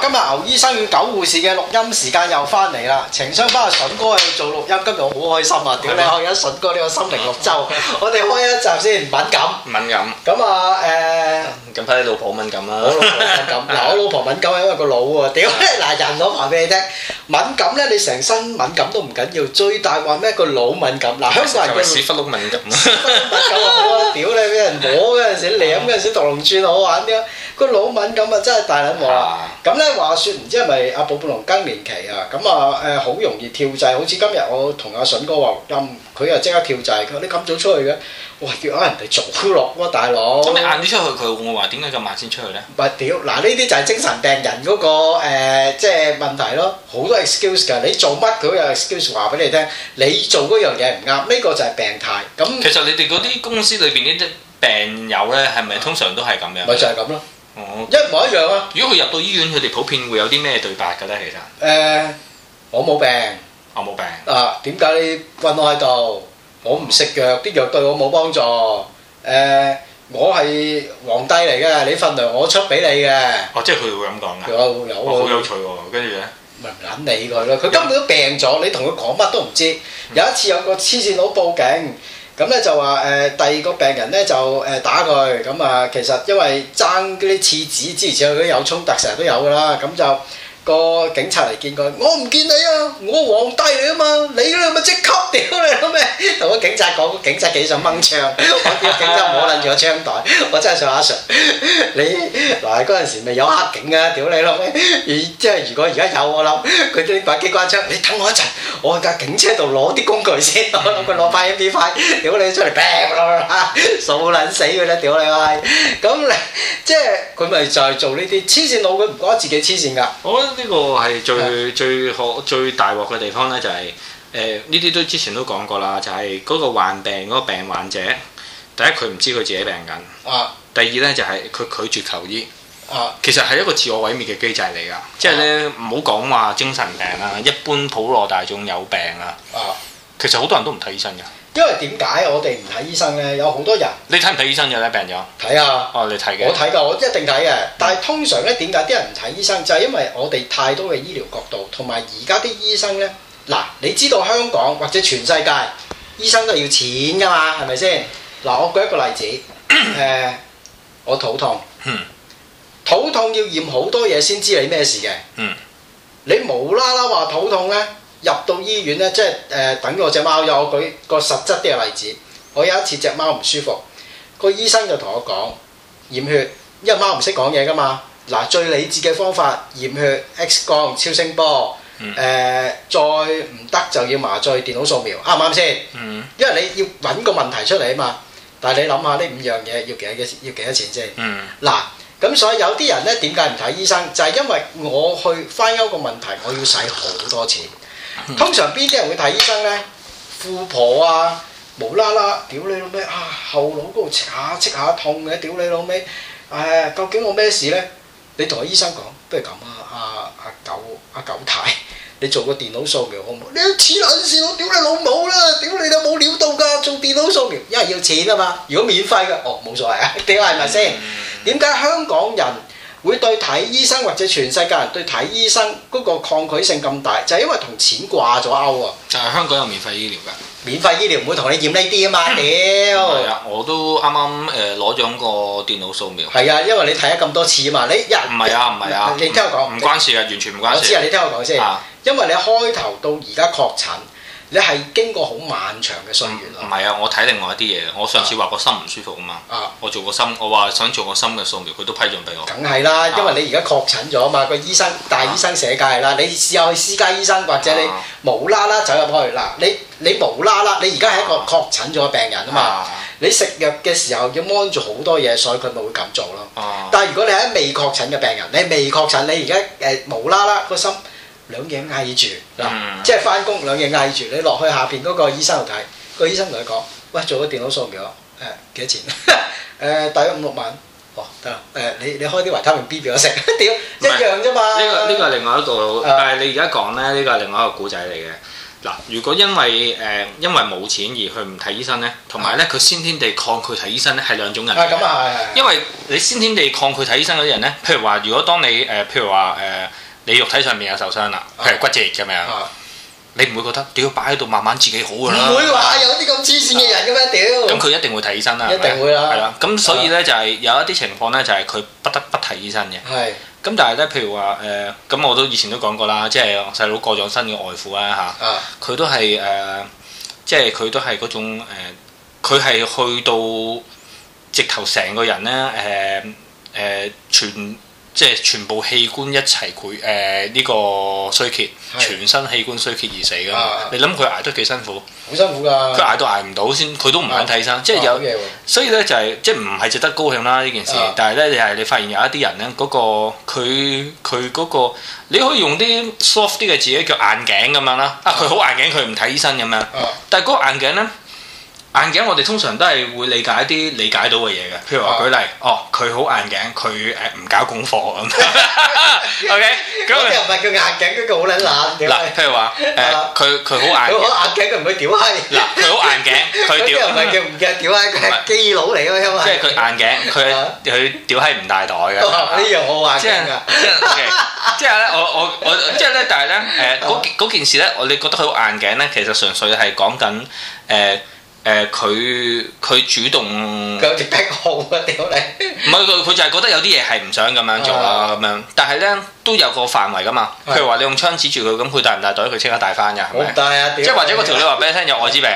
今日牛醫生與狗護士嘅錄音時間又翻嚟啦！情商翻阿筍哥去做錄音，今日我好開心啊！屌你開一筍哥呢個《心靈綠洲》，我哋開一集先，敏感，敏感，咁啊誒。呃近排你老婆敏感啦、 啊，我老婆敏感，嗱我老婆敏感係因為個腦喎，屌！嗱人我話俾你聽，敏感咧你成身敏感都唔緊要，最大話咩個腦敏感，嗱香港人。係咪屎忽窿敏感啊？ 屌你，俾人摸嗰陣時，舐嗰陣時，獨龍鑽好玩啲啊！個腦敏感啊，真係大卵我大撚我啦！咁咧的話説，唔知係咪阿寶寶龍更年期啊？咁啊誒，好、呃、容易跳掣，好似今日我同阿筍哥話咁。嗯佢又即刻跳掣，佢話你咁早出去嘅，哇！叫啊人哋早落喎，大佬。咁你晏啲出去，佢會話點解咁晏先出去咧？唔屌，嗱呢啲就係精神病人嗰個即係問題咯。好多 excuse 噶，你做乜佢又 excuse 話俾你聽？你做嗰樣嘢唔啱，呢、呢個就係病態。咁其實你哋嗰啲公司裏邊呢啲病友咧，係咪通常都係咁樣？咪就係咁咯。哦，一模一樣啊！如果佢入到醫院，佢哋普遍會有啲咩對白噶咧？其實誒、呃，我冇病。我冇病啊？點解你困我喺度？我唔食藥，啲藥對我冇幫助。誒、呃，我係皇帝嚟嘅，你份糧我出俾你嘅。哦，即係佢會咁講㗎。佢好有趣喎、哦！跟住咧，咪唔撚理佢咯。佢根本都病咗，有你同佢講乜都唔知。嗯、有一次有一個黐線佬報警，咁咧就話誒、呃、第二個病人咧就誒打佢，咁啊、呃、其實因為爭嗰啲廁紙之前，佢都有衝突，成日都有㗎啦，咁就。個警察嚟見佢，我唔見你啊！我皇帝嚟啊嘛，你咧咪即刻屌你咯咩？同個警察講，警察幾想掹槍，我叫警察摸撚住個槍袋， 我真係想阿傻。Sir，你嗱嗰陣時咪有黑警啊？屌你老味！即係如果而家有我諗，佢啲把機關槍，你等我一陣，我架警車度攞啲工具先， 我諗佢攞返把 MP 快，屌你出嚟劈啦！傻撚死佢啦！屌你喂！咁你！即係佢咪就係做呢啲黐線佬，佢唔覺得自己黐線㗎。呢個係最最可最大鑊嘅地方呢、就係，就係呢啲都之前都講過啦，就係、係、嗰個患病嗰、嗰個病患者，第一佢唔知佢自己病緊，第二呢，就係、係、佢拒絕求醫，其實係一個自我毀滅嘅機制嚟噶，即係呢，唔好講話精神病啊，一般普羅大眾有病啊，其實好多人都唔睇醫生㗎。因為點解我哋唔睇醫生呢？有好多人，你睇唔睇醫生嘅咧？病咗？睇啊！哦，你睇嘅，我睇噶，我一定睇嘅。但係通常呢，點解啲人唔睇醫生？就係、是、因為我哋太多嘅醫療角度，同埋而家啲醫生呢。嗱，你知道香港或者全世界醫生都要錢噶嘛？係咪先？嗱，我舉一個例子，誒咳咳、呃，我肚痛，嗯、肚痛要驗好多嘢，先知你咩事嘅。嗯，你無啦啦話肚痛呢？入到醫院咧，即係誒、呃、等我隻貓。又我舉個實質啲嘅例子，我有一次隻貓唔舒服，個醫生就同我講驗血，因為貓唔識講嘢㗎嘛。嗱，最理智嘅方法驗血、X 光、ong, 超聲波，誒、嗯呃、再唔得就要麻醉電腦掃描，啱唔啱先？嗯、因為你要揾個問題出嚟啊嘛。但係你諗下呢五樣嘢要幾多嘅？要幾多錢先？嗱、嗯，咁所以有啲人咧點解唔睇醫生？就係、是、因為我去翻憂個問題，我要使好多錢。通常邊啲人會睇醫生呢？富婆啊，無啦啦，屌你老味啊，後腦嗰度戚下戚下痛嘅，屌你老味。誒、哎，究竟我咩事呢？你同阿醫生講不如咁啊，阿、啊、阿、啊、九阿、啊、九太，你做個電腦掃描好唔好？你黐撚線，我屌你老母啦，屌你都冇料到㗎，做電腦掃描，因為要錢啊嘛。如果免費嘅，哦，冇所謂啊，屌係咪先？點解、嗯、香港人會對睇醫生或者全世界人對睇醫生嗰個抗拒性咁大，就係因為同錢掛咗鈎啊！啊，香港有免費醫療㗎，免費醫療唔會同你驗呢啲啊嘛，屌！係啊，我都啱啱誒攞咗個電腦掃描。係啊，因為你睇咗咁多次啊嘛，你一唔係啊，唔係啊！你聽我講，唔關事啊，完全唔關事。我知啊，你聽我講先，因為你開頭到而家確診。你係經過好漫長嘅歲月。唔係啊，我睇另外一啲嘢。我上次話個心唔舒服啊嘛，啊我做個心，我話想做個心嘅掃描，佢都批准俾我。梗係啦，因為你而家確診咗啊嘛，個醫生大醫生寫㗎係啦。啊、你試下去私家醫生，或者你無啦啦走入去嗱、啊，你你無啦啦，你而家係一個確診咗嘅病人啊嘛。啊你食藥嘅時候要望住好多嘢，所以佢咪會咁做咯。啊、但係如果你係一未確診嘅病人，你未確診，你而家誒無啦啦個心。兩嘢嗌住嗱，嗯、即係翻工兩嘢嗌住，你落去下邊嗰個醫生度睇，個醫生同佢講，喂，做個電腦掃描，誒、哎、幾多錢？誒、 呃，大約五六萬。哦，得、哎、啦、呃，你你開啲維他命 B 俾我食，屌 一么是樣啫嘛。呢、這個呢、這個係另外一個，呃、但係你而家講咧，呢、這個係另外一個古仔嚟嘅。嗱，如果因為誒、呃、因為冇錢而去唔睇醫生咧，同埋咧佢先天地抗拒睇醫生咧，係兩種人。係咁啊，係係。因為你先天地抗拒睇醫生嗰啲人咧，譬如話，如果當你誒譬、呃、如話誒。呃呃呃你肉體上面有受傷啦，係骨折嘅咩？啊、你唔會覺得屌擺喺度慢慢自己好嘅啦？唔會話吧有啲咁黐線嘅人咁樣屌？咁佢一定會睇醫生啦，一定會啦。係啦，咁所以咧對了 就係有一啲情況咧，就係佢不得不睇醫生嘅。係是的。咁但係咧，譬如話誒，咁我都以前都講過啦，即係我細佬過咗身嘅外父啦嚇，佢、啊、都係誒，即係佢都係嗰種佢係、呃、去到直頭成個人咧誒誒全、呃。全呃全呃全呃即係全部器官一齊佢誒呢個衰竭，全身器官衰竭而死噶。啊、你諗佢捱得幾辛苦，好辛苦噶。佢捱，到捱到都捱唔到先，佢都唔肯睇醫生，啊、即係有。啊、所以咧就係即係唔係值得高興啦呢件事。啊、但係咧係你發現有一啲人咧，嗰、那個佢佢嗰個，你可以用啲 soft 啲嘅字叫硬頸咁樣啦。啊，佢好硬頸，佢唔睇醫生咁樣。啊、但係嗰個硬頸咧。眼鏡，我哋通常都係會理解一啲理解到嘅嘢嘅，譬如話舉例，哦佢好眼鏡，佢誒唔搞功課咁 O K，咁又唔係叫眼鏡，佢個好撚爛。嗱，譬如話誒，佢佢好眼鏡，佢唔會屌閪。嗱，佢好眼鏡，佢屌。嗰啲唔係叫唔記得屌閪，佢係基佬嚟嘅嘛。即係佢眼鏡，佢佢屌閪唔帶袋嘅。呢樣我眼鏡㗎。即係咧，我我我即係咧，但係咧誒嗰件事咧，我哋覺得佢好眼鏡咧，其實純粹係講緊誒。誒，佢佢主動有隻癖好啊屌你！唔係，佢佢就係覺得有啲嘢係唔想咁樣做啊。咁樣，但係咧都有個範圍噶嘛。是譬如話你用槍指住佢，咁佢帶唔帶隊，佢、啊、即、 啊、刻帶翻㗎，係咪？ 即係或者嗰條女你話俾你聽有愛滋病，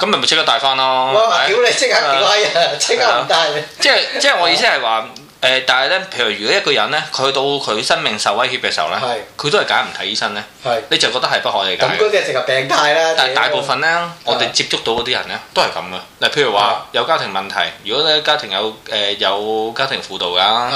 咁咪咪即刻帶翻咯？屌你即刻屌你啊！即刻唔帶。即係即係我意思係話。誒，但係咧，譬如如果一個人咧，佢到佢生命受威脅嘅時候咧，佢都係揀唔睇醫生咧，你就覺得係不可理解。咁嗰啲成日病態啦。但係大部分咧，我哋接觸到嗰啲人咧，都係咁嘅。嗱，譬如話有家庭問題，如果咧家庭有誒有家庭輔導㗎，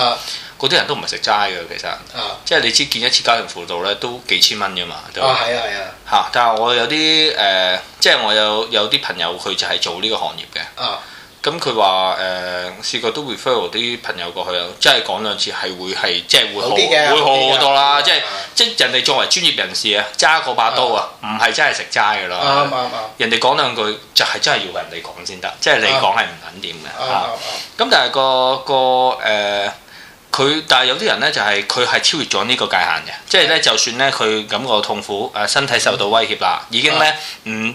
嗰啲人都唔係食齋嘅其實。啊，即係你知見一次家庭輔導咧，都幾千蚊啫嘛。啊，係啊係啊。嚇！但係我有啲誒，即係我有有啲朋友，佢就係做呢個行業嘅。咁佢話誒試過都 refer 啲朋友過去啊，即係講兩次係會係即係會好，好會好好多啦，即係是、嗯、即係人哋作為專業人士啊，揸嗰把刀啊，唔係真係食齋㗎啦，人哋講兩句就係真係要為人哋講先得，即係你講係唔緊點嘅嚇。咁但係個個誒佢，但係有啲人咧就係佢係超越咗呢個界限嘅，即係咧就算咧佢感覺痛苦誒身體受到威脅啦，已經咧嗯。嗯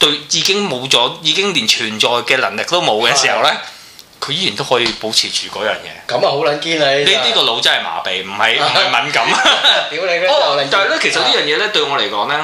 對已經冇咗，已經連存在嘅能力都冇嘅時候咧，佢依然都可以保持住嗰樣嘢。咁啊，好撚堅你？呢呢個腦真係麻痺，唔係唔係敏感。屌但係咧，其實呢樣嘢咧對我嚟講咧，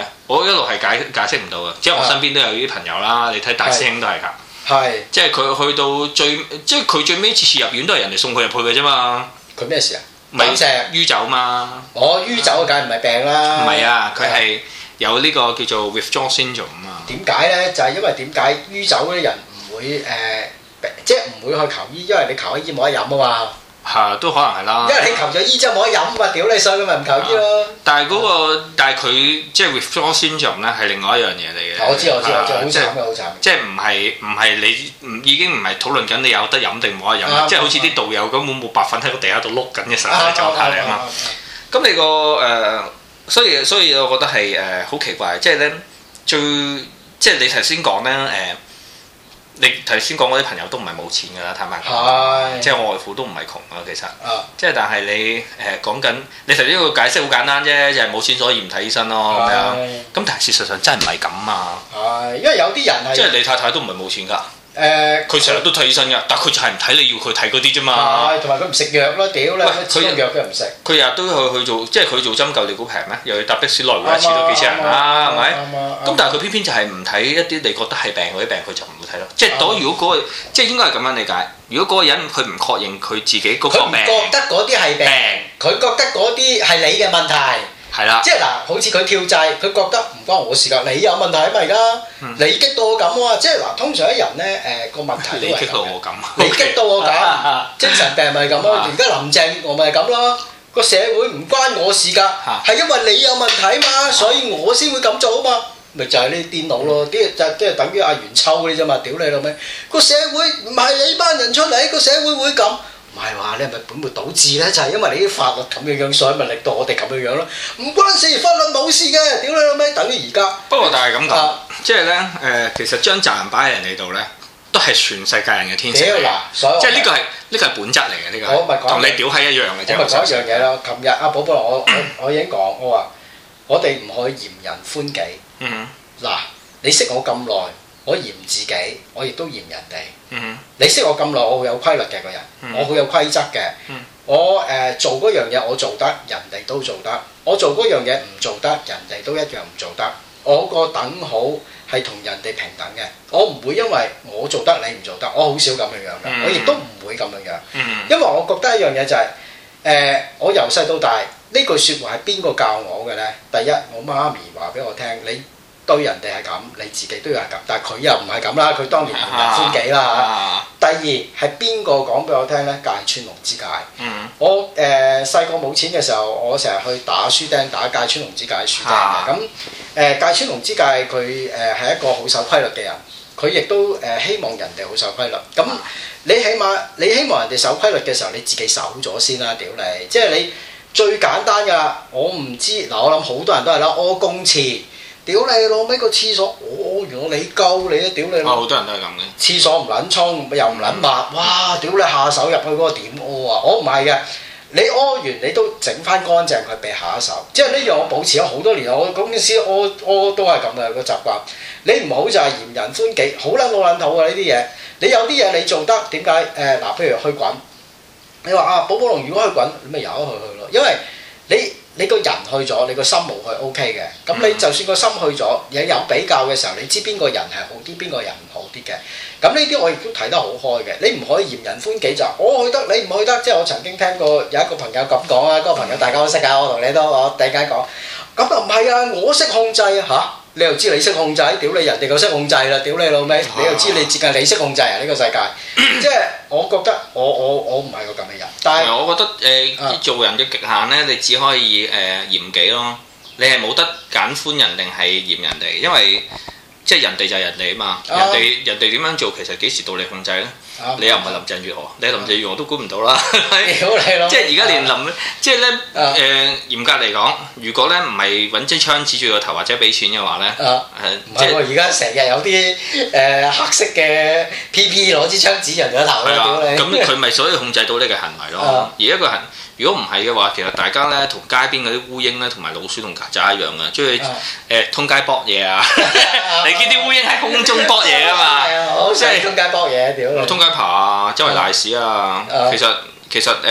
誒，我一路係解解釋唔到嘅。即係我身邊都有啲朋友啦，你睇大師兄都係㗎。係，即係佢去到最，即係佢最尾次次入院都係人哋送佢入去嘅啫嘛。佢咩事啊？病症啊？瘀酒嘛？我瘀酒梗係唔係病啦。唔係啊！佢係。有呢個叫做 withdrawal syndrome 啊？點解咧？就係因為點解於酒酗酒嗰啲人唔會誒，即係唔會去求醫，因為你求咗醫冇得飲啊嘛。係，都可能係啦。因為你求咗醫之後冇得飲啊，屌你衰，咪唔求醫咯。但係嗰個，但係佢即係 withdrawal syndrome 咧，係另外一樣嘢嚟嘅。我知我知我知，好慘㗎，好慘。即係唔係唔係你已經唔係討論緊你有得飲定冇得飲？即係好似啲道友咁，本冇白粉喺個地下度碌緊嘅時候咧，就嚟啊嘛。咁你個誒？所以所以我覺得係誒好奇怪，即係咧最即係你頭先講咧誒，你頭先講嗰啲朋友都唔係冇錢㗎啦，坦白講，是的 即係我外父都唔係窮啊，其實，啊、即係但係你誒、呃、講緊，你頭先個解釋好簡單啫，就係冇錢所以唔睇醫生咯，咁是的 但係事實上真係唔係咁啊，因為有啲人係，即係你太太都唔係冇錢㗎。誒，佢成日都睇醫生㗎，但佢就係唔睇你要佢睇嗰啲啫嘛。係，同埋佢唔食藥咯，屌啦！佢啲喂藥佢唔食。佢日都去去做，即係佢做針灸你估平咩？又要搭的士來回一次都幾千銀啦，係咪？咁但係佢偏偏就係唔睇一啲你覺得係病嗰啲病，佢就唔會睇咯。即係、嗯、如果如、那、嗰個，即係應該係咁樣理解。如果嗰個人佢唔確認佢自己嗰個病，佢唔覺得嗰啲係病，佢病覺得嗰啲係你嘅問題。係啦，即係嗱，好似佢跳掣，佢覺得唔關我事噶，你有問題咪而家，嗯、你激到我咁啊！即係嗱，通常啲人咧，誒、呃、個問題都係激到我咁， 你激到我咁，精神病咪咁咯？而家 林鄭我咪咁咯，個社會唔關我事噶，係 因為你有問題嘛，所以我先會咁做啊嘛。咪 就係啲癲佬咯，啲就即、是、係等於阿元秋嗰啲啫嘛，屌你老味！個社會唔係你班人出嚟，個社會會咁。唔係話你係咪本末倒置咧？就係、是、因為你啲法律咁嘅樣，所以咪令到我哋咁嘅樣咯。唔關事，法律冇事嘅。屌你老味，等於而家。不過但係咁講，啊、即係咧誒，其實將責任擺喺人哋度咧，都係全世界人嘅天性。所即係呢個係呢、呢個係本質嚟嘅呢個。我咪講，同你屌閪一樣嘅啫。咪講一樣嘢咯。琴日阿、啊、寶寶，我我，我已經講，我話我哋唔可以嫌人歡喜。嗱、嗯哼啊，你識我咁耐。我嫌自己，我亦都嫌人哋。Mm hmm. 你識我咁耐，我好有規律嘅個人，我好有規則嘅。Mm hmm. 我誒、呃、做嗰樣嘢，我做得，人哋都做得。我做嗰樣嘢唔做得，人哋都一樣唔做得。我個等好係同人哋平等嘅。我唔會因為我做得你唔做得，我好少咁樣樣嘅。Mm hmm. 我亦都唔會咁樣樣。Mm hmm. 因為我覺得一樣嘢就係、是、誒、呃，我由細到大呢句説話係邊個教我嘅呢？第一，我媽咪話俾我聽你。對人哋係咁，你自己都要係咁，但係佢又唔係咁啦。佢當然唔同先幾啦、啊、第二係邊個講俾我聽咧？芥川龍之介。嗯。我誒細個冇錢嘅時候，我成日去打書釘，打芥川龍之介書釘嘅。咁誒芥川龍之介，佢誒係一個好守規律嘅人。佢亦都誒、呃、希望人哋好守規律。咁、啊、你起碼你希望人哋守規律嘅時候，你自己守咗先啦。屌你，即係你最簡單㗎啦。我唔知嗱，我諗好多人都係啦，屙公廁。屌你老味個廁所，我、哦、完你救你啊！屌你！好、哦、多人都係咁嘅。廁所唔撚沖，又唔撚抹，哇！屌你下手入去嗰個點屙啊！我唔係嘅，你屙完你都整翻乾淨佢避下一手，即係呢樣我保持咗好多年。我公司屙屙都係咁嘅個習慣。你唔好就係嫌人歡喜，好撚冇撚肚啊！呢啲嘢，你有啲嘢你做得點解？誒嗱，譬、呃、如去滾，你話啊，寶寶龍如果去滾，你咪由佢去咯，因為。你你個人去咗，你個心冇去，O K 嘅。咁、okay、你就算個心去咗，嘢有，有比較嘅時候，你知邊個人係好啲，邊個人唔好啲嘅。咁呢啲我亦都睇得好開嘅。你唔可以嫌人歡喜就我去得，你唔去得。即係我曾經聽過有一個朋友咁講啊，嗰、那個朋友大家都識㗎，我同你都我第一間講，咁啊唔係啊，我識控制啊嚇。你又知你識控制，屌你！人哋夠識控制啦，屌、啊、你老味！你又知你接近你識控制啊？呢、這個世界， 即係我覺得我我我唔係個咁嘅人。但係我覺得誒，呃啊、做人嘅極限咧，你只可以誒、呃、嚴己咯，你係冇得揀寬人定係嚴人哋，因為。即係人哋就係人哋啊嘛，人哋人哋點樣做其實幾時到你控制咧？你又唔係林鄭月娥，你係林鄭月娥都估唔到啦。屌你！即係而家連林，即係咧誒嚴格嚟講，如果咧唔係揾支槍指住個頭或者俾錢嘅話咧，誒唔係而家成日有啲誒黑色嘅 PP 攞支槍指人個頭。咁佢咪所以控制到呢個行為咯？而一個行。如果唔係嘅話，其實大家咧同街邊嗰啲烏蠅咧，同埋老鼠同曱甴一樣啊，中意誒通街搏嘢啊！Uh. 你見啲烏蠅喺空中搏嘢啊嘛，啊、uh. 嗯，好即係通街搏嘢，屌！通街爬啊，周圍瀨屎啊，其實其實誒誒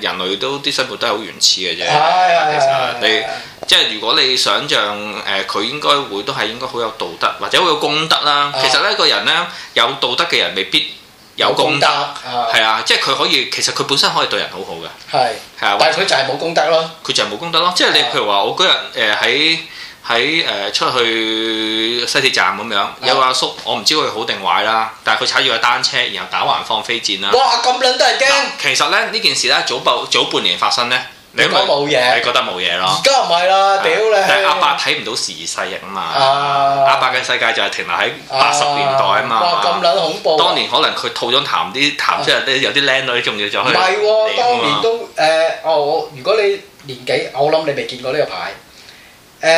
人類都啲生活都係好原始嘅啫。係啊、uh.，其實你即係如果你想象誒佢應該會都係應該好有道德或者好有功德啦。其實呢、uh. 個人咧有道德嘅人未必。有功德，係啊，即係佢可以，的其實佢本身可以對人好好嘅，係的，係啊的，但係佢就係冇功德咯，佢的就係冇功德咯，的即係你的譬如話，我嗰日誒喺喺誒出去西鐵站咁樣，的有個阿叔，我唔知佢好定壞啦，但係佢踩住個單車，然後打橫放飛箭啦，哇！咁撚都係驚，其實咧呢件事咧早半早半年發生咧。你覺得冇嘢，你覺得冇嘢咯。而家唔係啦，屌 你！但係阿伯睇唔到時勢啊嘛。阿伯嘅世界就係停留喺八十年代嘛啊嘛。哇！咁撚恐怖，啊。當年可能佢套咗痰啲痰，出嚟都、啊、有啲靚女仲要就去。唔係喎，當年都誒哦、呃。如果你年紀，我諗你未見過呢個牌。誒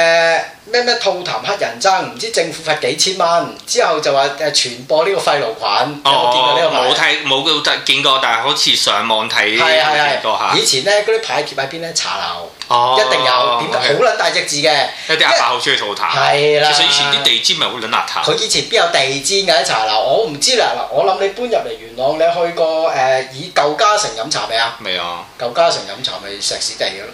咩咩吐痰乞人憎，唔知政府罰幾千蚊，之後就話誒傳播呢個肺癆菌。哦、有冇見過呢個牌？冇睇冇見過，但係好似上網睇見啊，多嚇。以前咧嗰啲牌喺邊咧？茶樓、哦、一定有，點好撚大隻字嘅。一啲阿伯好中意吐痰，係啦為。所以的以前啲地氈咪好撚邋遢。佢以前邊有地氈嘅茶樓？我唔知啦。嗱，我諗你搬入嚟元朗，你去過誒、呃？以舊嘉誠飲茶未啊？未啊的。舊嘉誠飲茶咪石屎地咯。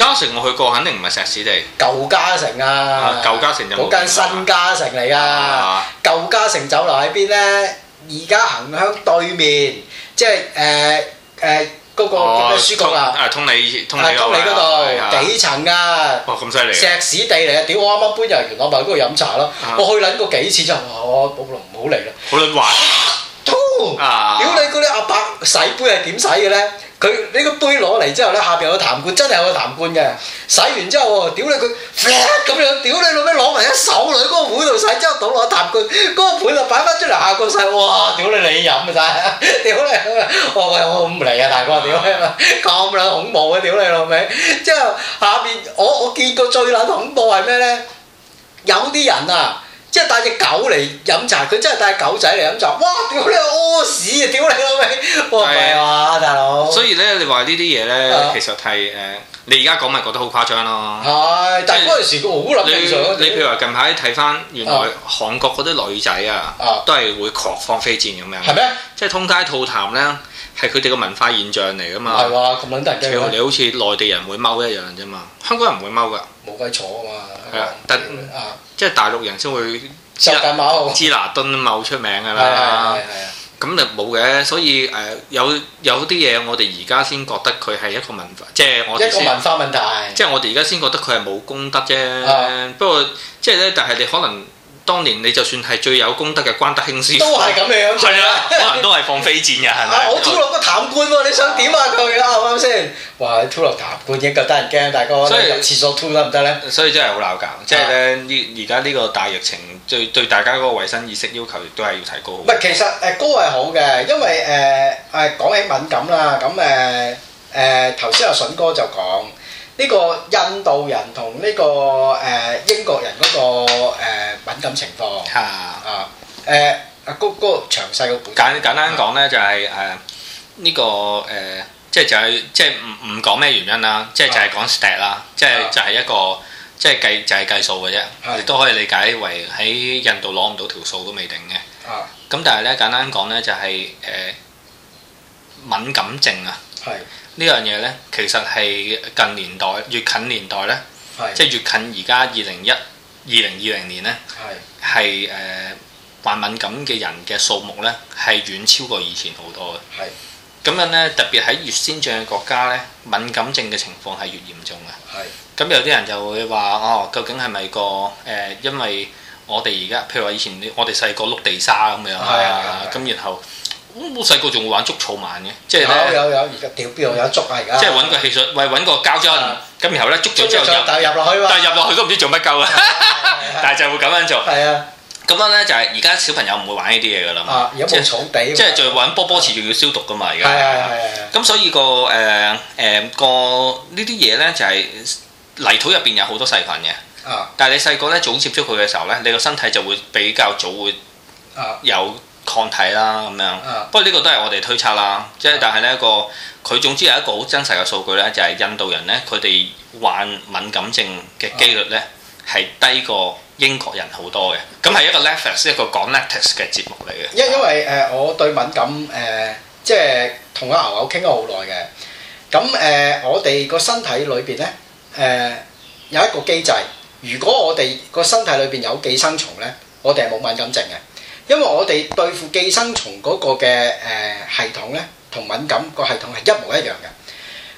嘉城我去過，肯定唔係石屎地。舊嘉城啊，舊嘉城嗰間新嘉城嚟啊！舊嘉城酒樓喺邊咧？而家行向對面，即係誒誒嗰個咩、哦、書局啊通？啊，通你通你嗰度、啊啊、幾層啊？啊哦，咁犀利！石屎地嚟啊！屌我啱啱搬入嚟元朗，我咪去嗰度飲茶咯。啊、我去撚過幾次就我冇咯，唔好嚟啦。好撚壞。 通、哦，屌、啊、你個你阿伯洗杯係點洗嘅呢？佢呢、這個杯攞嚟之後呢，下邊有個痰罐，真係有個痰罐嘅。洗完之後屌你佢，咁樣，屌你老味攞埋一手落去嗰個碗度洗，之後倒落痰罐，嗰、那個碗就擺翻出嚟下個世，哇！屌你你飲啊曬，屌你、 啊，我 我我唔嚟啊大哥，屌，咁撚恐怖嘅、啊，屌你老味。之後下邊我我見過最撚恐怖係咩呢？有啲人啊。即係帶隻狗嚟飲茶，佢真係帶狗仔嚟飲茶。哇！屌你去屙屎啊！屌你老味！係啊，大佬。所以咧，你話呢啲嘢咧，其實係誒，你而家講咪覺得好誇張咯。係、哎，但係嗰陣時好諗清楚。你譬如話近排睇翻，原來、啊、韓國嗰啲女仔啊，都係會放飛劍咁樣。係咩嗎？即係通街吐痰咧。係佢哋個文化現象嚟㗎嘛？係話咁撚得意，其實你好似內地人會踎一樣啫嘛。香港人唔會踎㗎，冇位坐啊嘛。係啊，樣但啊即係大陸人先會受緊踎，基拿敦踎出名㗎啦。係啊係啊，咁、啊啊、就冇嘅。所以誒、呃，有有啲嘢我哋而家先覺得佢係一個文化，即係我一個文化問題。即係我哋而家先覺得佢係冇公德啫。啊、 不過即係咧，但係你可能。當年你就算係最有功德嘅關德興師都係咁樣，係啊， 可能都係放飛箭嘅，係咪？ 我吐落個痰罐喎，你想點啊佢？啱唔啱先？哇你吐落痰罐已經夠得人驚，大哥，所以可能入廁所吐得唔得咧？所以真係好鬧搞，即係咧，而而家呢個大疫情，對對大家嗰個衛生意識要求，亦都係要提高。喂，其實誒高係好嘅，因為誒誒講起敏感啦，咁誒誒頭先阿筍哥就講。呢個印度人同呢、這個誒、呃、英國人嗰、那個、呃、敏感情況，係啊誒啊嗰嗰詳細嗰，簡簡單講咧就係誒呢個誒，即係就係即係唔唔講咩原因啦，即係就係、是、講 step 啦，即係就係一個即係、就是、計就係、是、計數嘅啫，亦都、uh, 可以理解為喺印度攞唔到條數都未定嘅，咁、uh, 但係咧簡單講咧就係、是、誒、uh, 敏感症啊，係。Uh, uh, uh, 呢樣嘢呢，其實係近年代越近年代呢，是即係越近而家二零一二零二零年呢，係誒是、呃、患敏感嘅人嘅數目呢，係遠超過以前好多嘅。咁是樣呢，特別喺越先進嘅國家呢，敏感症嘅情況係越嚴重嘅。咁是有啲人就會話哦，究竟係咪個、呃、因為我哋而家譬如話以前，我哋細個碌地沙咁樣是啊，咁然後。然後咁好細個仲會玩捉草蜢嘅，即係有有有而家屌邊度有捉啊而家！即係揾個汽水，喂，揾個膠樽。咁然後咧捉咗之後入入落去，但係入落去都唔知做乜鳩啊！但係就會咁樣做。係啊，咁樣咧就係而家小朋友唔會玩呢啲嘢噶啦嘛。啊，有冇草地？即係仲揾波波池，仲要消毒噶嘛而家。係係係。咁所以個誒誒個呢啲嘢咧就係泥土入邊有好多細菌嘅。但係你細個咧早接觸佢嘅時候咧，你個身體就會比較早會有。抗體啦咁樣，啊、不過呢個都係我哋推測啦。即係但係呢一個，佢總之有一個好真實嘅數據咧，就係印度人咧，佢哋患敏感症嘅機率咧係、啊、低過英國人好多嘅。咁係一個 Netflix，一個講 Netflix 嘅節目嚟嘅。因因為誒、呃，我對敏感誒、呃，即係同阿牛牛傾咗好耐嘅。咁誒、呃，我哋個身體裏邊咧誒有一個機制，如果我哋個身體裏邊有寄生蟲咧，我哋係冇敏感症嘅。因為我哋對付寄生蟲嗰個嘅誒系統咧，同敏感個系統係一模一樣嘅。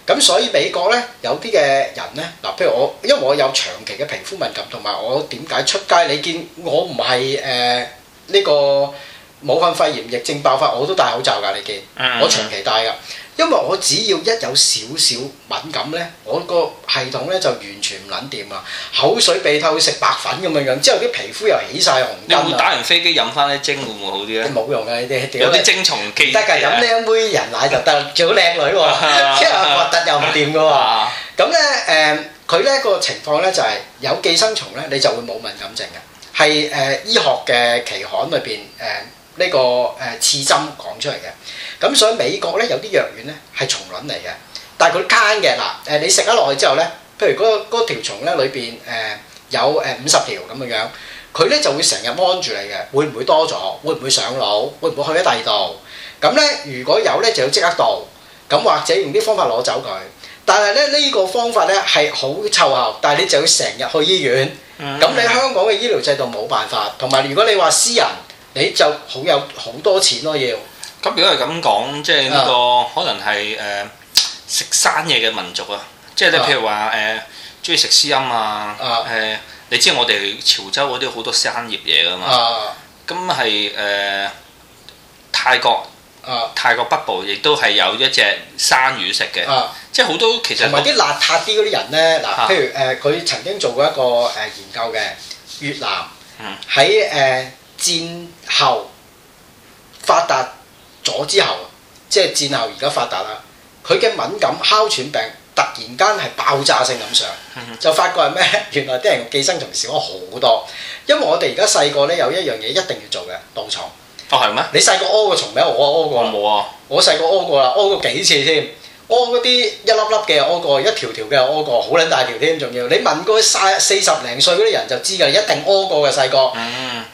咁所以美國咧，有啲嘅人咧，嗱，譬如我，因為我有長期嘅皮膚敏感，同埋我點解出街？你見我唔係誒呢個冇份肺炎疫症爆發，我都戴口罩㗎。你見，嗯嗯，我長期戴㗎。因為我只要一有少少敏感咧，我個系統咧就完全唔撚掂啊！口水鼻透食白粉咁嘅樣，之後啲皮膚又起晒紅筋，又打完飛機飲翻啲精會唔會好啲咧？冇用嘅呢啲，有啲精蟲寄得㗎，飲呢一杯人奶就得，啊，最好靚女喎，即係核突又唔掂嘅喎。咁咧誒，佢咧，這個情況咧就係有寄生蟲咧，你就會冇敏感症嘅，係誒，呃、醫學嘅期刊裏邊誒。呃呃呢個誒刺針講出嚟嘅，咁所以美國咧有啲藥丸咧係蟲卵嚟嘅，但係佢艱嘅嗱誒，你食咗落去之後咧，譬如嗰嗰條蟲咧裏邊誒有誒五十條咁嘅樣，佢咧就會成日安住你嘅，會唔會多咗？會唔會上腦？會唔會去咗第二度？咁咧如果有咧就要即刻度，咁或者用啲方法攞走佢。但係咧呢、呢個方法咧係好湊效，但係你就要成日去醫院。咁你香港嘅醫療制度冇辦法，同埋如果你話私人。你就好有好多錢咯要！要咁，如果係咁講，即係呢個可能係誒、呃、食生嘢嘅民族啊，即係你譬如話誒中意食獅音啊，誒、呃呃、你知我哋潮州嗰啲好多生葉嘢噶嘛，咁係誒泰國啊，呃、泰國北部亦都係有一隻生魚食嘅，呃、即係好多其實同埋啲邋遢啲嗰啲人咧，嗱譬如誒佢曾經做過一個誒研究嘅越南喺誒。嗯戰後發達咗之後，即係戰後而家發達啦。佢嘅敏感哮喘病突然間係爆炸性咁上，嗯哼。就發覺係咩？原來啲人寄生蟲少咗好多。因為我哋而家細個咧有一樣嘢一定要做嘅，杜蟲。哦，係咩？你細個屙過蟲未啊？我啊屙過。冇啊。我細個屙過啦，屙、嗯、過、過幾次添。屙嗰啲一粒粒嘅屙過，一條條嘅屙過，好撚大條添，仲要。你問過啲四十零歲嗰啲人就知㗎，一定屙過嘅細個。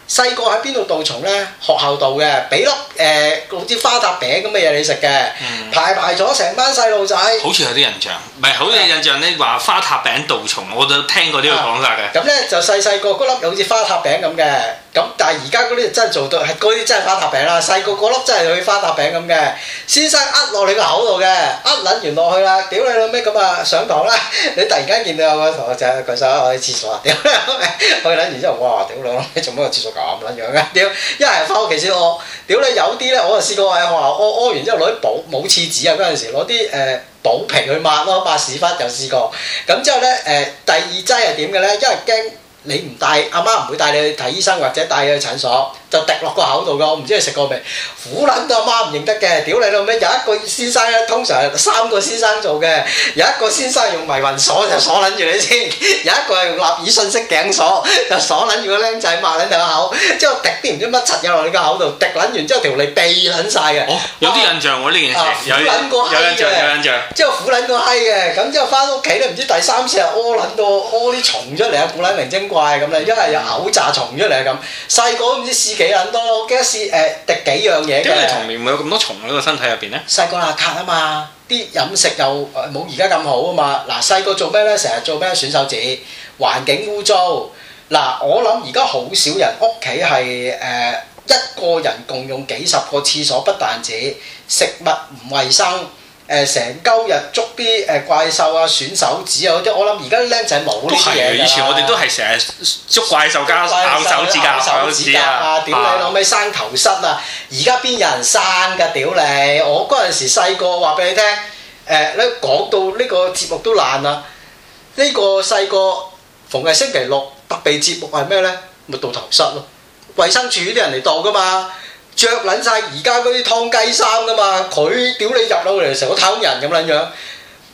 細個喺邊度杜蟲呢？學校度嘅，俾粒誒、呃、好似花塔餅咁嘅嘢你食嘅，嗯、排排坐成班細路仔。好似有啲印象，唔係、嗯，好似有印象呢話花塔餅杜蟲，我就聽過個、嗯、呢個講法嘅。咁呢就細細個嗰粒又好似花塔餅咁嘅。咁但係而家嗰啲真係做到係嗰啲真係花塔餅啦，細個個粒真係好似花塔餅咁嘅。先生呃落你個口度嘅，呃捻完落去啦，屌你老味咁啊！上堂啦，你突然間見到有同學仔，佢手我去廁所，屌！ 你去捻完之後，哇！屌你老味，你做乜去廁所咁撚樣嘅？屌、呃！一係翻屋企先屙，屌你！有啲咧，我就試過喺學校屙，屙完之後攞啲補，冇廁紙啊，嗰陣時攞啲誒補皮去抹咯，抹屎忽又試過。咁之後咧誒、呃，第二劑係點嘅咧？因為驚。你唔帶阿媽，唔會帶你去睇醫生，或者帶你去診所。就滴落個口度嘅，我唔知你食過未？苦撚到阿媽唔認得嘅，屌你老味！有一個先生咧，通常係三個先生做嘅，有一個先生用迷魂鎖就鎖撚住你先，有一個係用立耳訊息頸鎖就鎖撚住個僆仔，抹撚條口，之後滴啲唔知乜柒嘢落你個口度，滴撚完之後條脷痹撚晒嘅。哦，有啲印象喎呢件事，有撚過閪嘅，有印象有印象。之後苦撚個閪嘅，咁之後翻屋企咧，唔知第三次又屙撚到屙啲蟲出嚟啊！古撚名精怪咁咧，一係又嘔炸蟲出嚟啊咁。細個都唔知試。幾撚多 guess、呃、滴幾樣嘢，因為童年會有咁多蟲喺個身體入邊咧？細個邋遢啊嘛，啲飲食又冇而家咁好啊嘛。嗱、啊，細個做咩咧？成日做咩選手指，環境污糟。嗱、啊，我諗而家好少人屋企係誒一個人共用幾十個廁所，不但止，食物唔衞生。誒成鳩日捉啲誒怪獸啊，損手指啊嗰啲，我諗而家啲僆仔冇呢啲嘢。以前我哋都係成日捉怪獸加咬手指甲、啊、手指甲啊，屌你老味生頭虱啊！而家邊有人生㗎、啊？屌你！我嗰陣時細個話俾你聽，誒呢講到呢個節目都爛啦。呢、呢個細個逢係星期六特備節目係咩咧？咪到頭虱咯，衞生署啲人嚟度㗎嘛。着撚晒而家嗰啲劏雞衫噶嘛，佢屌你入到嚟成個太空人咁撚樣，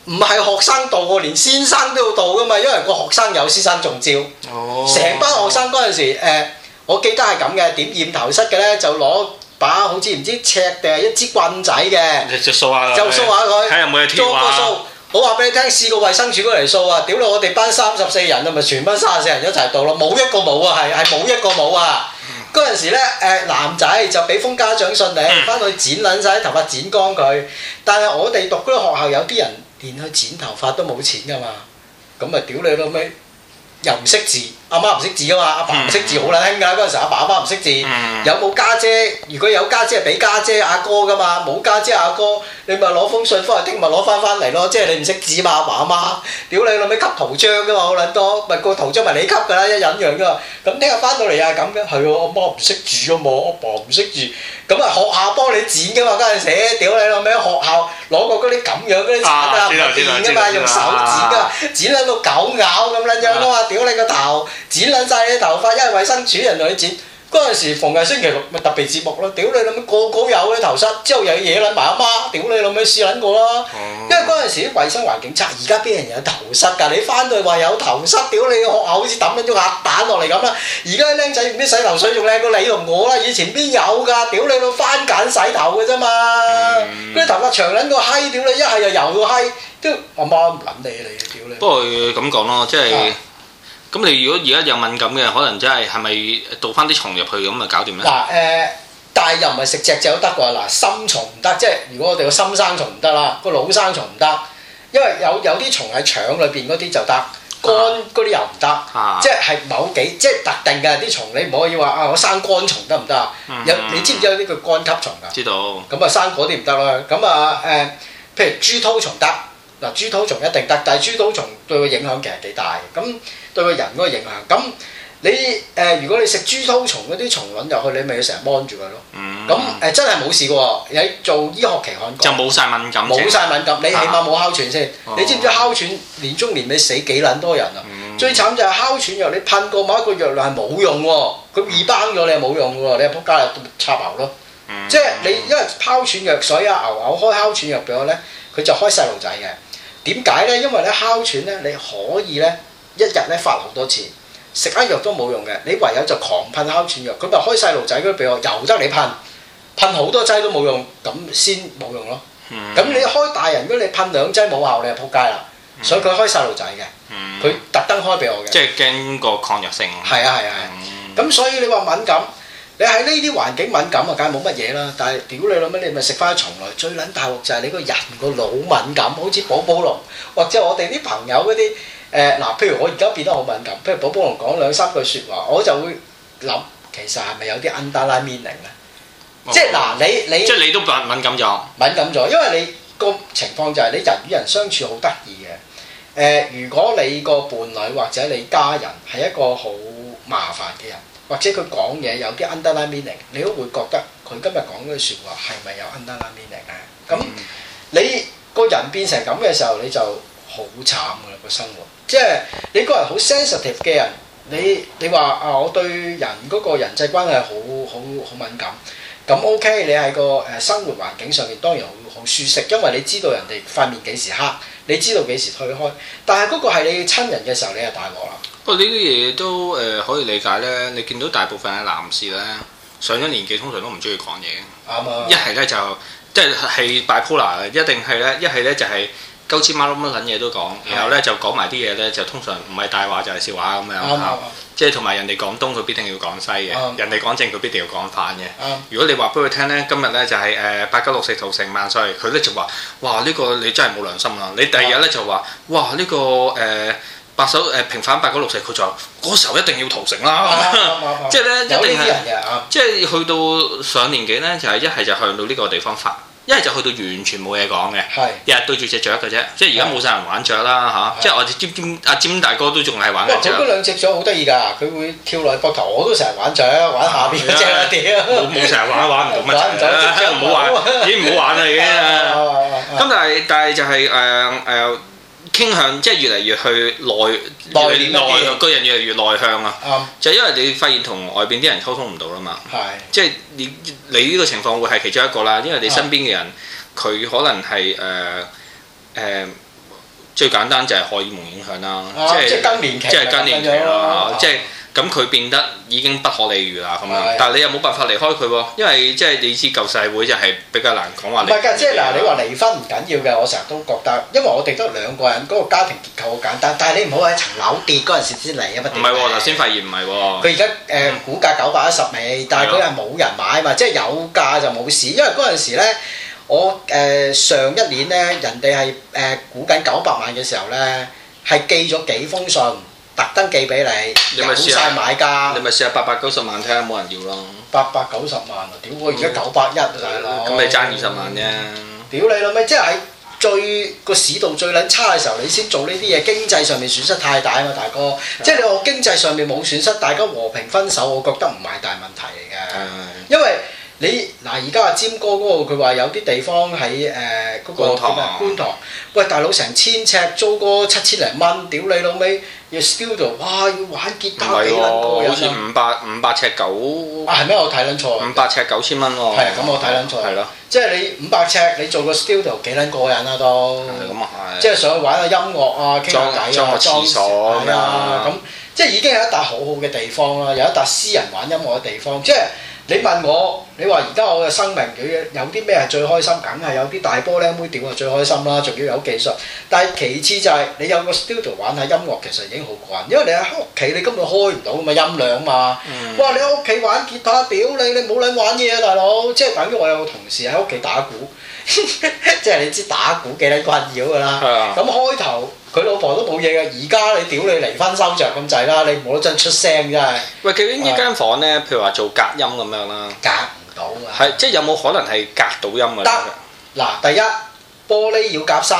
唔係學生導喎，連先生都要導噶嘛，因為個學生有先生中招，成、哦、班學生嗰陣時、欸，我記得係咁嘅，點驗頭虱嘅呢，就攞把好似唔知尺定係一支棍仔嘅，就掃下，就掃下佢，睇下有冇嘢做個數，啊、我話俾你聽，試過衞生署嗰嚟數啊，屌到我哋班三十四人啦，咪全班三十四人一齊導咯，冇一個冇啊，係係冇一個冇啊。嗰陣時咧，誒男仔就俾封家長信你，翻去剪撚曬頭髮，剪光佢。但係我哋讀嗰啲學校有啲人連去剪頭髮都冇錢噶嘛，咁咪屌你老味，又唔識字。阿媽唔識字啊嘛，阿爸唔識字好撚興噶嗰陣時，阿爸阿媽唔識字，嗯、有冇家姐，姐？如果有家姐，姐，姐，姐，俾家姐阿哥噶嘛，冇家姐阿哥，哥，你咪攞封信封，聽日攞翻翻嚟咯。即係你唔識字嘛，阿爸阿媽，媽，屌你老味，扱圖章噶嘛，好撚多，咪個圖章咪你扱噶啦，一隱樣噶、啊、嘛。咁聽日翻到嚟啊咁嘅，係喎，阿媽唔識字啊嘛，阿爸唔識字，咁啊學校幫你剪噶嘛嗰陣時，屌你老味，學校攞個嗰啲咁樣嗰啲鏟啊，唔見噶嘛，啊、用手剪噶，剪到個狗咬咁撚樣咯嘛，屌、啊、你個頭！剪捻曬啲頭髮，因係衞生處人就去剪。嗰陣時逢係星期六咪特別節目咯。屌你老母個個有啲頭虱，之後又要嘢捻埋阿媽。屌你老味試捻過啦。嗯、因為嗰陣時啲衞生環境差，而家邊人有頭虱㗎？你翻到去話有頭虱，屌你學校好似抌緊啲鴨蛋落嚟咁啦！而家僆仔用啲洗頭水仲靚過你同我啦，以前邊有㗎？屌你老翻揀洗頭㗎啫嘛！嗰啲、嗯、頭髮長捻個閪，屌你一係又油到閪，都阿媽唔捻你嚟屌你！不過咁講咯，即係。咁你如果而家有敏感嘅，可能真係係咪倒翻啲蟲入去咁啊？搞掂咧嗱誒，但係又唔係食隻只都得喎嗱，深蟲唔得，即係如果我哋個深生蟲唔得啦，個老生蟲唔得，因為有有啲蟲喺腸裏邊嗰啲就得，肝嗰啲又唔得，即係某幾即係特定嘅啲蟲，你唔可以話啊，我生肝蟲得唔得啊？有你知唔知有呢個肝吸蟲㗎？知道咁啊，生嗰啲唔得啦。咁啊誒，譬如豬肚蟲得嗱，豬啊，豬肚蟲一定得，但係豬肚蟲對佢影響其實幾大咁。對個人嗰個影響咁，你誒、呃，如果你食豬溝蟲嗰啲蟲卵入去，你咪要成日幫住佢咯。咁誒、嗯，真係冇事嘅喎，你做醫學期刊就冇晒敏、敏感，冇晒敏感。你起碼冇哮喘先。啊、你知唔知哮喘年中年尾死幾撚多人啊？嗯、最慘就係哮喘藥你噴過某一個藥量係冇用喎，佢二崩咗你係冇用嘅喎，你係仆街入插喉咯。即係、嗯、你因為哮喘藥水啊、牛牛開哮喘藥俾我咧，佢就開細路仔嘅。點解咧？因為咧哮喘咧你可以咧。一日咧發好多次，食啲藥都冇用嘅，你唯有就狂噴哮喘藥。咁咪開細路仔嗰啲俾我，由得你噴，噴好多劑都冇用，咁先冇用咯。咁、嗯、你開大人，如果你噴兩劑冇效，你就仆街啦。嗯、所以佢開細路仔嘅，佢特登開俾我嘅。即係驚個抗藥性。係啊係啊係。咁、啊嗯、所以你話敏感，你喺呢啲環境敏感啊，梗係冇乜嘢啦。但係屌你老味，你咪食翻啲蟲類。最撚大鑊就係你個人個腦敏感，好似寶寶龍，或者我哋啲朋友嗰啲。誒嗱，譬、呃、如我而家變得好敏感，譬如寶寶同講兩三句説話，我就會諗其實係咪有啲 underline meaning 咧、哦？即係嗱、呃，你你即係你都敏感咗，敏感咗，因為你個情況就係、是、你人與人相處好得意嘅。誒、呃，如果你個伴侶或者你家人係一個好麻煩嘅人，或者佢講嘢有啲 underline meaning，你都會覺得佢今日講嗰句説話係咪有 underline meaning 咧、嗯？咁你個人變成咁嘅時候，你就～好慘㗎、啊、啦、這個生活，即係你個人好 sensitive 嘅人，你你話啊，我對人嗰個人際關係好好好敏感，咁 OK，你喺個誒生活環境上面當然好好舒適，因為你知道人哋塊面幾時黑，你知道幾時退開，但係嗰個係你親人嘅時候，你就大鑊啦。不過呢啲嘢都誒、呃、可以理解咧，你見到大部分嘅男士咧，上咗年紀，通常都唔中意講嘢，啱啊。一係咧就即係係擺 polar 啦，一定係咧，一係咧就係、是。鳩籠馬騮乜撚嘢都講，然後咧、uh. 就講埋啲嘢咧，就通常唔係大話就係、是、笑話咁樣、uh. 啊啊、即係同埋人哋講東，佢必定要講西嘅；uh. 人哋講正，佢必定要講反嘅。Uh. 如果你話俾佢聽咧，今日咧就係誒八九六四屠城萬歲，佢咧就話：哇！呢、這個你真係冇良心啦！你第二日咧就話：哇！呢個誒白手誒平反八九六四，佢就嗰時候一定要屠城啦、就是！即係咧一定係，即係去到上年紀咧，就係一係就向到呢個地方發。一係就去到完全冇嘢講嘅，日日對住隻雀嘅啫，即係而家冇晒人玩雀啦嚇，是即係我哋尖尖阿尖大哥都仲係玩嘅。佢嗰兩隻雀好得意㗎，佢會跳落去膊頭，我都成日玩雀，玩下邊嗰隻，冇成日玩，玩唔到乜。玩唔到，真係唔好玩，已經唔好玩啦已經，咁但係但係就係誒誒。呃呃傾向即係越嚟越去內內向，個人越嚟越內向啊！嗯、就因為你發現同外邊啲人溝通唔到啦嘛，即係是你你呢個情況會係其中一個啦。因為你身邊嘅人佢是可能係誒誒，最簡單就係荷爾蒙影響啦，啊、即係是即係更年期，即即係。咁佢變得已經不可理喻啦，咁樣，是是是但係你又冇辦法離開佢喎，因為即係你知舊社會就係比較難講話。唔係㗎，即係嗱，你話離婚唔緊要嘅，我成日都覺得，因為我哋得兩個人，嗰、嗰個家庭結構好簡單。但係你唔好喺層樓跌嗰陣時先嚟，啊嘛。唔係喎，頭先發現唔係喎。佢而家誒估價九百一十美，但係佢係冇人買嘛，的即係有價就冇市。因為嗰陣時咧，我誒、呃、上一年咧，人哋係誒估緊九百萬嘅時候咧，係寄咗幾封信。特登寄俾你，你咪好晒買家。你咪試下八百九十萬，睇下冇人要咯。八百九十萬，啊！屌我、嗯嗯、而家九百一啊！咁咪爭二十萬啫。屌你老咩！即係喺最個市道最撚差嘅時候，你先做呢啲嘢，經濟上面損失太大啊！大哥，即係的你話經濟上面冇損失，大家和平分手，我覺得唔係大問題嚟嘅！的因為你嗱而家阿尖哥嗰度，佢話有啲地方喺誒嗰個咩觀塘？喂大佬成千尺租個七千零蚊，屌你老味！studio 要哇要玩吉他幾撚過癮啊？唔係喎，好似五百五百尺九。啊係咩？我睇撚錯。五百尺九千蚊喎。係啊，咁、啊、我睇撚錯。係咯、啊。即係你五百尺，你做個 studio 幾撚過癮啊？都。咁啊，係。即係上去玩下音樂啊，傾偈啊，裝裝個廁所咁啊！咁、啊、即係已經有一笪好好嘅地方啦，有一笪私人玩音樂嘅地方，即係。嗯即你問我，你話而家我嘅生命佢有啲咩係最開心？梗係有啲大波靚妹屌啊最開心啦，仲要有技術。但係其次就係、是、你有個 studio 玩下音樂，其實已經好慣，因為你喺屋企你根本開唔到啊嘛音量啊嘛。嗯、哇！你喺屋企玩吉他表，屌你你冇撚玩嘢啊大佬！即係等於我有個同事喺屋企打鼓， 即係你知打鼓幾撚骨擾㗎啦。咁開頭。佢老婆都冇嘢嘅，而家你屌你離婚收著咁滯啦，你冇得真出聲真係。喂，究竟呢間房咧，譬如話做隔音咁樣啦，隔唔到㗎。係，即係有冇可能係隔到音㗎？得嗱，第一玻璃要夾心。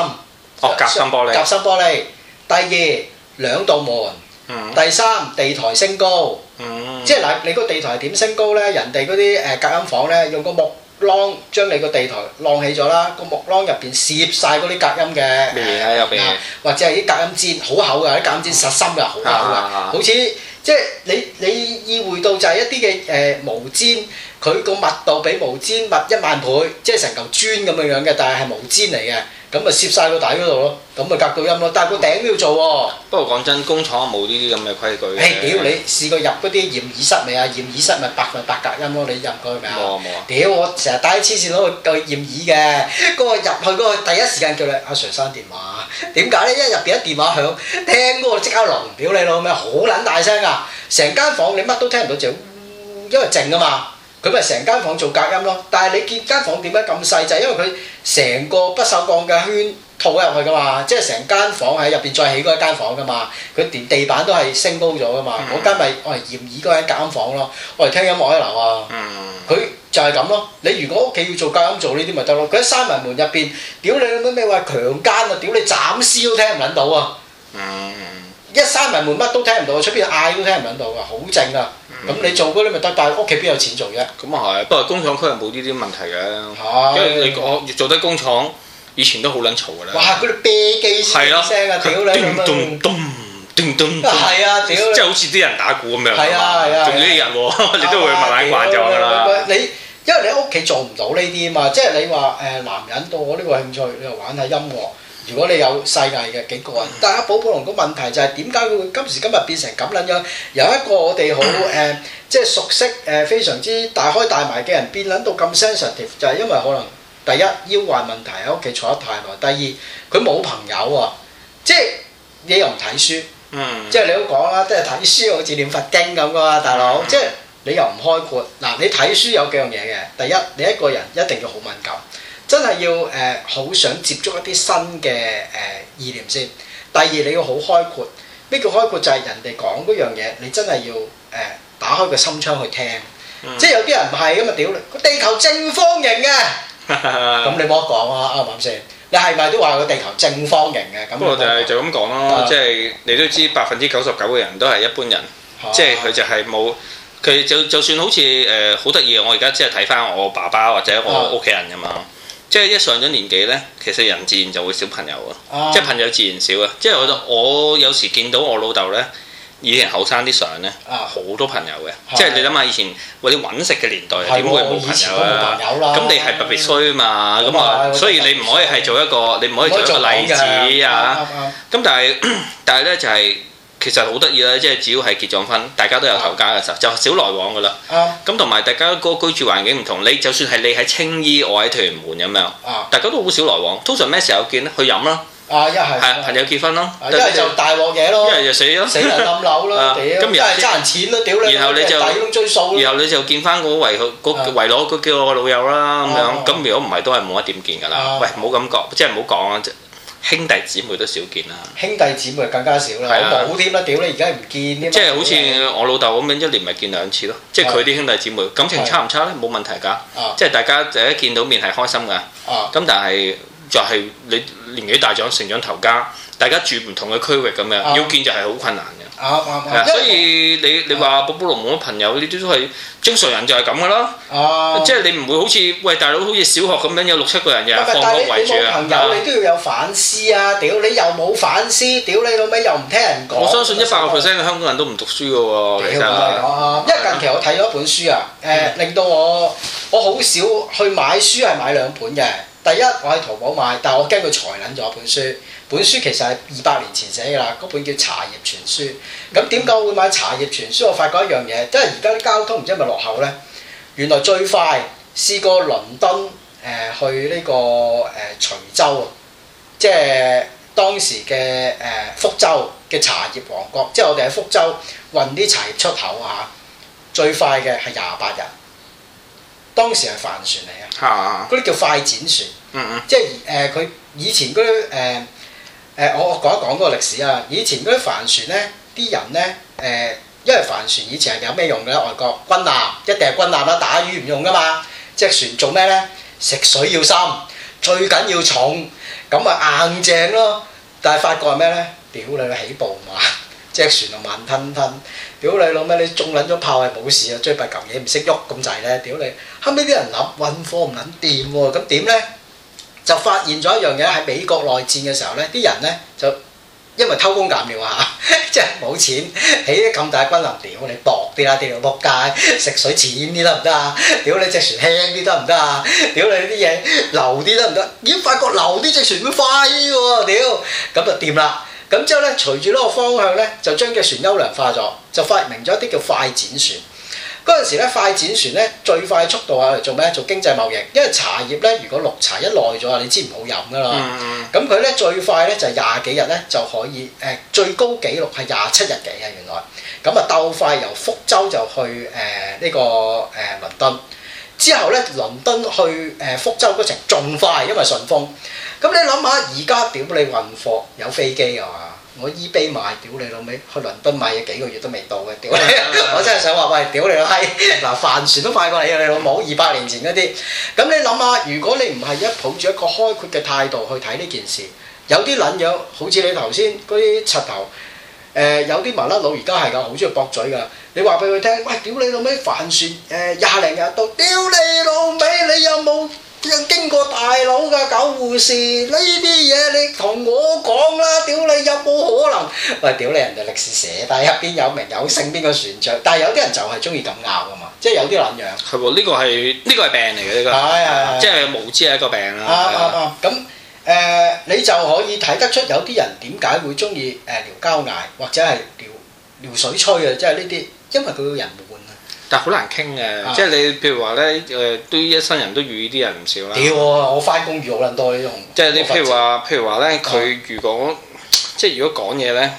哦，夾心玻璃。夾心玻璃。第二兩道門。嗯。第三地台升高。哦。即係嗱，你個地台係點升高咧？人哋嗰啲誒隔音房咧，用個木。晾將你個地台晾起咗啦，個木窿入邊攝晒嗰啲隔音嘅，嗯、或者係啲隔音氈，好厚㗎，啲隔音氈實心㗎，厚啊，好厚㗎，好似即係你你意會到就係一啲嘅誒毛氈，佢個密度比毛氈密一萬倍，即係成嚿磚咁樣樣嘅，但係係毛氈嚟嘅。咁咪攝晒個底嗰度咯，咁咪隔噪音咯，但係個頂都要做喎、哦。不過講真，工廠冇呢啲咁嘅規矩。屌你，試過入嗰啲驗耳室未啊？驗耳室咪百分百隔音咯，你入去未啊？冇冇了。屌我成日帶啲黐線佬去驗耳嘅，嗰個入去嗰個第一時間叫你阿 Sir 刪電話。點解呢？因為入邊啲電話響，聽嗰個即刻聾。屌你老味，好撚大聲㗎，成間房你乜都聽唔到，就因為靜啊嘛。佢咪成間房做隔音咯，但係你見間房點解咁細就係因為佢成個不鏽鋼嘅圈套入去噶嘛，即係成間房喺入邊再起過一間房噶嘛，佢連地板都係升高咗噶嘛，嗰間咪我係嫌耳嗰間隔音房咯，我係聽音樂一流啊，佢就係咁咯。你如果屋企要做隔音做呢啲咪得咯，佢喺閂埋門入邊，屌你乜咩話強姦啊，屌你斬屍都聽唔撚到啊！一閂埋門乜都聽唔到，出邊嗌都聽唔到㗎，好靜啊！咁你做嗰啲咪得？但係屋企邊有錢做啫？咁啊係，不過工廠區係冇呢啲問題嘅。因為你講做得工廠，以前都好撚嘈㗎咧。哇！嗰啲啤機聲啊，屌你叮咚叮咚。即係好似啲人打鼓咁樣。係啊係啊，仲要啲人喎，你都會慢慢慣咗啦。你因為你屋企做唔到呢啲啊嘛，即係你話誒男人多呢個興趣，你又玩下音樂。如果你有世界嘅警告啊，但係阿寶寶龍個問題就係點解佢會今時今日變成咁撚樣？有一個我哋好誒，即係熟悉誒、呃，非常之大開大埋嘅人變撚到咁 sensitive，就係因為可能第一腰患問題，喺屋企坐得太耐，第二佢冇朋友喎，即係嘢又唔睇書，嗯、即係你都講啦，即係睇書好似念佛經咁噶嘛，大佬，嗯、即係你又唔開闊嗱，你睇書有幾樣嘢嘅，第一你一個人一定要好敏感。真係要誒好、呃、想接觸一啲新嘅誒、呃、意念先。第二你要好開闊，咩叫開闊？就係人哋講嗰樣嘢，你真係要誒、呃、打開個心窗去聽。嗯、即係有啲人唔係咁啊！屌啦，個地球正方形嘅，咁呵你冇得講啊，啱唔啱先？你係咪都話個地球正方形嘅？咁不過就係、嗯、就咁講咯，即係你都知百分之九十九嘅人都係一般人，即係佢就係冇，佢就就，就算好似誒、呃、好得意我而家即係睇翻我爸爸或者我屋企人㗎嘛。嗯 即係一上咗年紀呢，其實人自然就會少朋友啊，即係朋友自然少啊。即係我我有時見到我老豆呢，以前後生啲相呢，好、啊、多朋友嘅。的即係你諗下，以前喂揾食嘅年代點的會冇朋友啊？咁、啊、你係特別衰啊嘛。咁啊，所以你唔可以係做一個的你唔可以做一個例子啊。咁但係但係呢就係、是。其實好得意啦，即係只要係結咗婚，大家都有頭家嘅時候，就少來往噶啦。咁同埋大家嗰個居住環境唔同，你就算係你喺青衣，我喺屯門咁樣，大家都好少來往。通常咩時候見咧？去飲啦。啊！一係。係朋友結婚咯。一係就大鑊嘢咯。一係就死咗。死人冧樓啦。咁又。都係爭錢啦！然後你就。然後你就見翻嗰位嗰位攞嗰幾個老友啦咁樣。咁如果唔係都係冇乜點見噶啦。喂，唔好咁講，即係唔好講啊！兄弟姊妹都少見啦，兄弟姊妹更加少啦，的好少添啦，屌你而家唔見添。即係好似我老豆咁樣，一年咪見兩次咯。即係佢啲兄弟姊妹，感情差唔差咧？冇的問題㗎。的即係大家就一見到面係開心㗎。咁的但係就係你年紀大咗，成長頭家，大家住唔同嘅區域咁樣，的要見就係好困難嘅。所以你你話寶寶龍冇乜朋友呢啲都係正常人，就係咁噶啦。即係你唔會好似喂，大佬，好似小學咁樣有六七個人日日放學圍住，但你冇朋友你都要有反思啊！屌你又冇反思，屌你老味又唔聽人講。我相信一百個 percent 嘅香港人都唔讀書噶喎。其實，因為近期我睇咗一本書啊，誒令到我我好少去買書係買兩本嘅。第一我喺淘寶買，但我驚佢才諗咗一本書。本書其實係二百年前寫㗎啦，嗰本叫《茶葉全書》。咁點解我會買《茶葉全書》？我發覺一樣嘢，即係而家啲交通唔知係咪落後咧。原來最快試過倫敦誒去呢個誒徐州啊，即係當時嘅誒福州嘅茶葉王國，即係我哋喺福州運啲茶葉出口啊。最快嘅係廿八日，當時係帆船嚟嘅，嗰啲叫快剪船，嗯嗯、啊，即係誒佢以前嗰啲誒。呃誒、呃，我我講一講嗰個歷史啊！以前嗰啲帆船咧，啲人咧，誒、呃，因為帆船以前係有咩用嘅？外國軍艦一定係軍艦啦，打魚唔用噶嘛。隻船做咩咧？食水要深，最緊要重，咁啊硬正咯。但係發覺係咩咧？屌你老起步嘛，隻船就慢吞吞。屌你老咩？你中撚咗炮係冇事啊，追八嚿嘢唔識喐咁滯咧。屌你，後尾啲人入運貨唔撚掂喎？咁點咧？就發現咗一樣嘢，喺美國內戰嘅時候咧，啲人咧就因為偷工減料嚇，即係冇錢起咁大軍艦，屌你薄啲啦，屌你仆街，食水淺啲得唔得啊？屌你隻船輕啲得唔得啊？屌你啲嘢流啲得唔得？咦，發覺流啲隻船會快喎，屌，咁就掂啦。咁之後咧，隨住呢個方向咧，就將隻船優良化咗，就發明咗一啲叫快剪船。嗰陣時咧，快剪船咧最快速度啊，做咩咧？做經濟貿易，因為茶葉咧，如果綠茶一耐咗啊，你知唔好飲噶啦。咁佢咧最快咧就廿幾日咧就可以，誒最高紀錄係廿七日嘅原來。咁啊鬥快由福州就去誒呢、呃呢個誒、呃、倫敦，之後咧倫敦去誒、呃、福州嗰程仲快，因為順風。咁你諗下，而家點你運貨有飛機啊嘛。我 eBay 買，屌你老味，去倫敦買嘢幾個月都未到嘅，屌你老味！我真係想話喂、哎，屌你，你老閪！嗱，帆船都快過嚟嘅你老母，二百年前嗰啲。咁你諗下，如果你唔係一抱住一個開闊嘅態度去睇呢件事，有啲撚樣，好似你頭先嗰啲柒頭。誒、呃，有啲麻甩佬而家係㗎，好中意駁嘴㗎。你話俾佢聽，喂，屌你老味，帆船誒廿零日到，屌你老味，你有冇？有經過大佬嘅狗護士呢啲嘢你同我講啦，屌你有冇可能？喂，屌你，人哋歷史寫低入邊有名有姓邊個船長，但係有啲人就係中意咁拗㗎嘛，即係有啲撚樣。係呢、嗯這個係呢、這個係病嚟嘅呢個，即係無知係一個病啦。咁誒，你就可以睇得出有啲人點解會中意誒撩交嗌或者係撩撩水吹啊，即係呢啲，因為佢個人。但係好難傾嘅，啊、即係你譬如話咧，誒對一生人都遇啲人唔少啦。屌，我翻工遇好撚多呢種。即係你譬如話，譬如話咧，佢如果即係如果講嘢咧，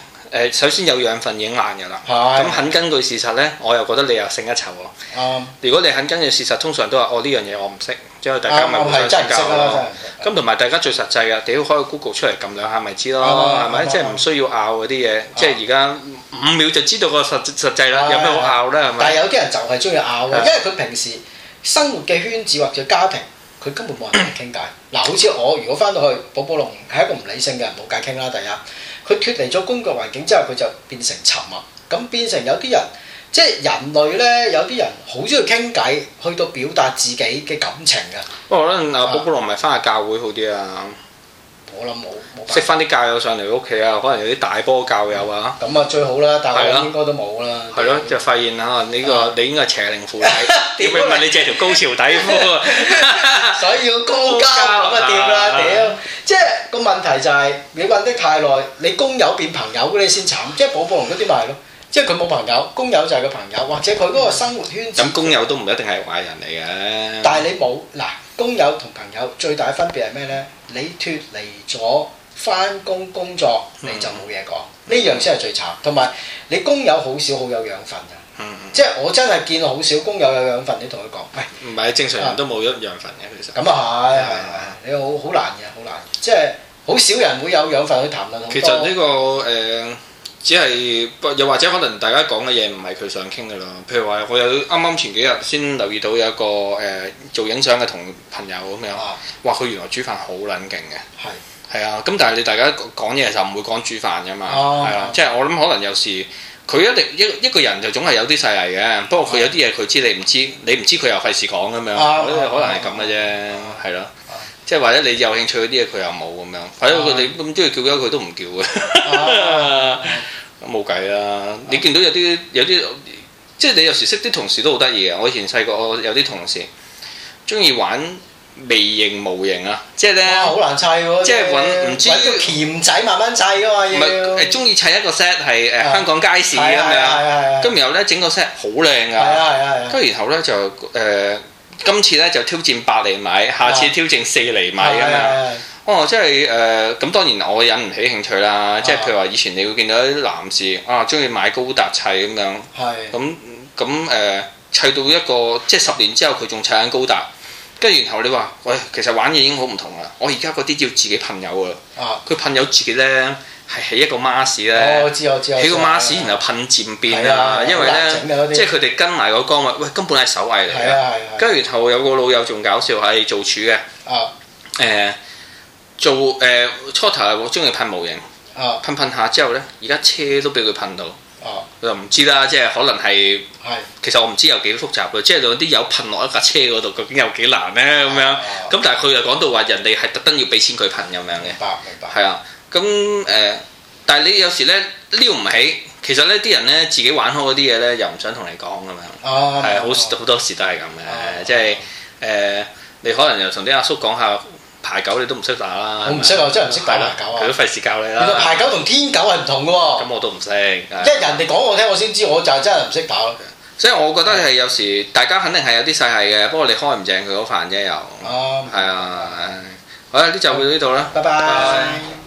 首先有養份已經難㗎啦，咁肯根據事實呢，我又覺得你又勝一籌喎。如果你肯根據事實，通常都話我呢樣嘢我唔識，所以大家咪互相教咯。咁同埋大家最實際嘅，屌開個 Google 出嚟撳兩下咪知咯，係咪？即係唔需要拗嗰啲嘢，即係而家五秒就知道個實實際啦，有咩好拗咧？係咪？但係有啲人就係中意拗，因為佢平時生活嘅圈子或者家庭，佢根本冇人同傾偈。嗱，好似我如果翻到去寶寶龍係一個唔理性嘅人，冇偈傾啦，第一。佢脫離咗工作環境之後，佢就變成沉默。咁變成有啲人，即係人類咧，有啲人好中意傾偈，去到表達自己嘅感情㗎。不過我覺得阿寶寶龍咪翻下教會好啲啊。我諗冇，識翻啲教友上嚟屋企啊，可能有啲大波教友啊，咁啊、嗯、最好啦，但係應該都冇啦。係咯，就發現、呢個、啊，你個你應該係邪靈附體，點會 問你借條高潮底褲啊？ 所以要高價咁教啊，掂啦屌！即係個問題就係你混得太耐，你工友變朋友嗰啲先慘，即係寶寶龍嗰啲咪係咯，即係佢冇朋友，工友就係個朋友，或者佢嗰個生活圈。咁工、嗯嗯、友都唔一定係壞人嚟嘅。但係你冇嗱。工友同朋友最大分別係咩呢？你脫離咗返工工作，你就冇嘢講，呢樣先係最慘。同埋你工友好少好有養分嘅，嗯、即係我真係見到好少工友有養分。你同佢講，喂，唔係正常人都冇咗養分嘅，啊、其實。咁啊係，你好好難嘅，好難。即係好少人會有養分去談論好多其實呢、呢個誒。呃只係又或者可能大家講嘅嘢唔係佢想傾嘅啦。譬如話，我有啱啱前幾日先留意到有一個誒、呃、做影相嘅同朋友咁樣，話佢原來煮飯好撚勁嘅。係係是啊，咁但係你大家講嘢就唔會講煮飯㗎嘛。係啊，啊即係我諗可能有時佢一定一一個人就總係有啲細藝嘅。不過佢有啲嘢佢知你唔知，你唔知佢又費事講咁樣。啊、可能係咁嘅啫，係咯。即係或者你有興趣嗰啲嘢佢又冇咁樣，或者佢你咁中意叫佢佢都唔叫嘅，冇計啦！你見到有啲有啲，即係你有時識啲同事都好得意嘅。我以前細個有啲同事中意玩微型模型啊，即係咧，即係揾唔知鉗仔慢慢砌噶嘛，唔係誒中意砌一個 set 係誒香港街市咁樣，咁然後咧整個 set 好靚啊，咁然後咧就誒。今次咧就挑戰八厘米，下次挑戰四厘米啊嘛！啊哦，即係誒咁當然我引唔起興趣啦。啊、即係譬如話以前你會見到啲男士啊，中意買高達砌咁樣，咁咁誒砌到一個即係十年之後佢仲砌緊高達。跟住然後你話喂、哎，其實玩嘢已經好唔同啦。我而家嗰啲要自己噴油啊，佢噴油自己咧。係起一個 mask 咧，起個 mask 然後噴漸變啦，因為咧，即係佢哋跟埋個光位，喂根本係手藝嚟㗎。跟住然後有個老友仲搞笑係做廚嘅，誒做誒初頭係我中意噴模型，噴噴下之後咧，而家車都俾佢噴到，佢就唔知啦，即係可能係其實我唔知有幾複雜嘅，即係有啲有噴落一架車嗰度，究竟有幾難咧咁樣？咁但係佢又講到話，人哋係特登要俾錢佢噴咁樣嘅，係啊。咁誒，但係你有時咧撩唔起，其實呢啲人咧自己玩好嗰啲嘢咧，又唔想同你講咁樣，係啊，好多時都係咁嘅，即係誒，你可能又同啲阿叔講下排九你都唔識打啦，我唔識啊，真係唔識打排九。啊，佢都費事教你啦。原來排九同天九係唔同嘅喎，咁我都唔識，即係人哋講我聽，我先知，我就真係唔識打。所以我覺得係有時大家肯定係有啲細係嘅，不過你開唔正佢嗰飯啫又，係啊，好啦，呢就去到呢度啦，拜拜。